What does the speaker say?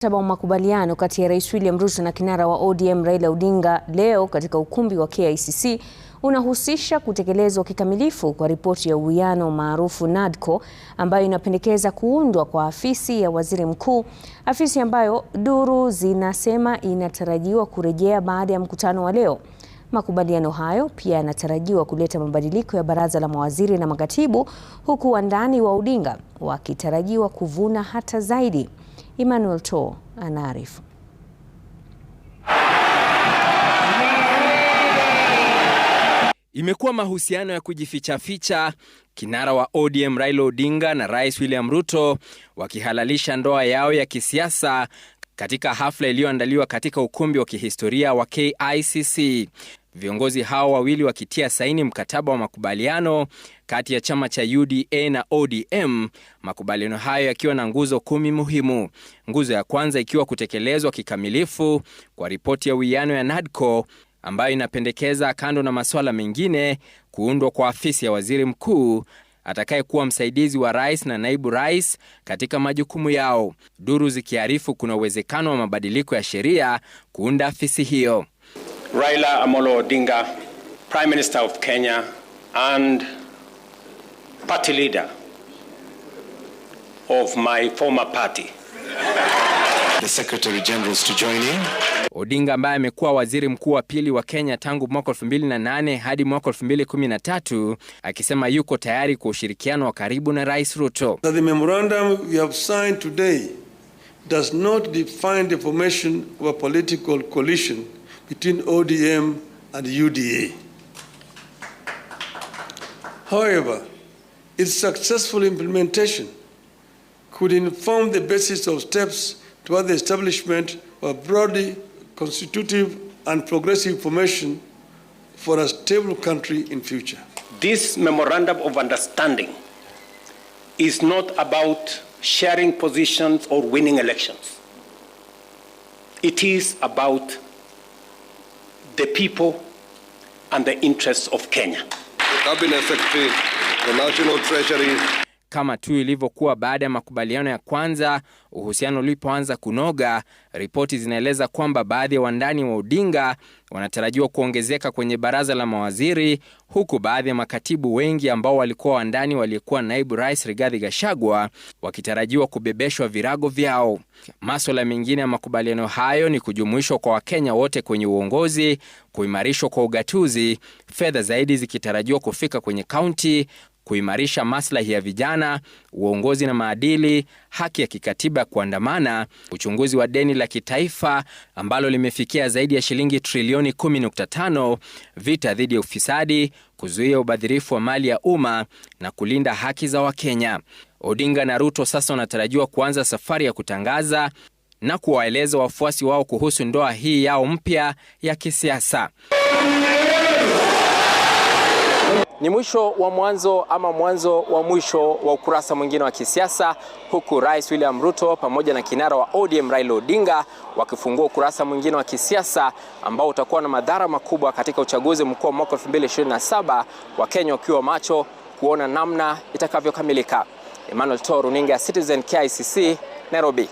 Mkataba wa makubaliano kati ya Rais William Ruto na kinara wa ODM Raila Odinga leo katika ukumbi wa KICC unahusisha kutekelezwa kikamilifu kwa ripoti ya uwiano maarufu NADCO ambayo inapendekeza kuundwa kwa afisi ya Waziri Mkuu, afisi ambayo duru zinasema inatarajiwa kurejea baada ya mkutano wa leo. Makubaliano hayo pia yanatarajiwa kuleta mabadiliko ya baraza la mawaziri na makatibu, huku wandani wa Odinga wakitarajiwa kuvuna hata zaidi. Emmanuel To anaarifu. Imekuwa mahusiano ya kujifichaficha, kinara wa ODM Raila Odinga na Rais William Ruto wakihalalisha ndoa yao ya kisiasa katika hafla iliyoandaliwa katika ukumbi wa kihistoria wa KICC. Viongozi hao wawili wakitia saini mkataba wa makubaliano kati ya chama cha UDA na ODM, makubaliano hayo yakiwa na nguzo kumi muhimu. Nguzo ya kwanza ikiwa kutekelezwa kikamilifu kwa ripoti ya uwiano ya NADCO ambayo inapendekeza kando na masuala mengine, kuundwa kwa afisi ya waziri mkuu atakayekuwa msaidizi wa rais na naibu rais katika majukumu yao, duru zikiarifu kuna uwezekano wa mabadiliko ya sheria kuunda afisi hiyo. Raila Amolo Odinga, Prime Minister of Kenya and party leader of my former party. The Secretary Generals to join in. Odinga ambaye amekuwa waziri mkuu wa pili wa Kenya tangu mwaka 2008 hadi mwaka 2013 akisema yuko tayari kwa ushirikiano wa karibu na Rais Ruto. The memorandum we have signed today does not define the formation of a political coalition between ODM and UDA. However, its successful implementation could inform the basis of steps toward the establishment of a broadly constitutive and progressive formation for a stable country in future. This memorandum of understanding is not about sharing positions or winning elections. It is about the people and the interests of Kenya. The Cabinet Secretary, the National Treasury. Kama tu ilivyokuwa baada ya makubaliano ya kwanza, uhusiano ulipoanza kunoga, ripoti zinaeleza kwamba baadhi ya wandani wa Odinga wanatarajiwa kuongezeka kwenye baraza la mawaziri, huku baadhi ya makatibu wengi ambao walikuwa wandani waliyekuwa naibu rais Rigathi Gachagua wakitarajiwa kubebeshwa virago vyao. Maswala mengine ya makubaliano hayo ni kujumuishwa kwa Wakenya wote kwenye uongozi, kuimarishwa kwa ugatuzi, fedha zaidi zikitarajiwa kufika kwenye kaunti, kuimarisha maslahi ya vijana, uongozi na maadili, haki ya kikatiba ya kuandamana, uchunguzi wa deni la kitaifa ambalo limefikia zaidi ya shilingi trilioni 10.5, vita dhidi ya ufisadi, kuzuia ubadhirifu wa mali ya umma na kulinda haki za Wakenya. Odinga na Ruto sasa wanatarajiwa kuanza safari ya kutangaza na kuwaeleza wafuasi wao kuhusu ndoa hii yao mpya ya kisiasa. Ni mwisho wa mwanzo ama mwanzo wa mwisho wa ukurasa mwingine wa kisiasa, huku Rais William Ruto pamoja na kinara wa ODM Raila Odinga wakifungua ukurasa mwingine wa kisiasa ambao utakuwa na madhara makubwa katika uchaguzi mkuu wa mwaka 2027, Wakenya wakiwa macho kuona namna itakavyokamilika. Emmanuel Toro, runinga ya Citizen KICC, Nairobi.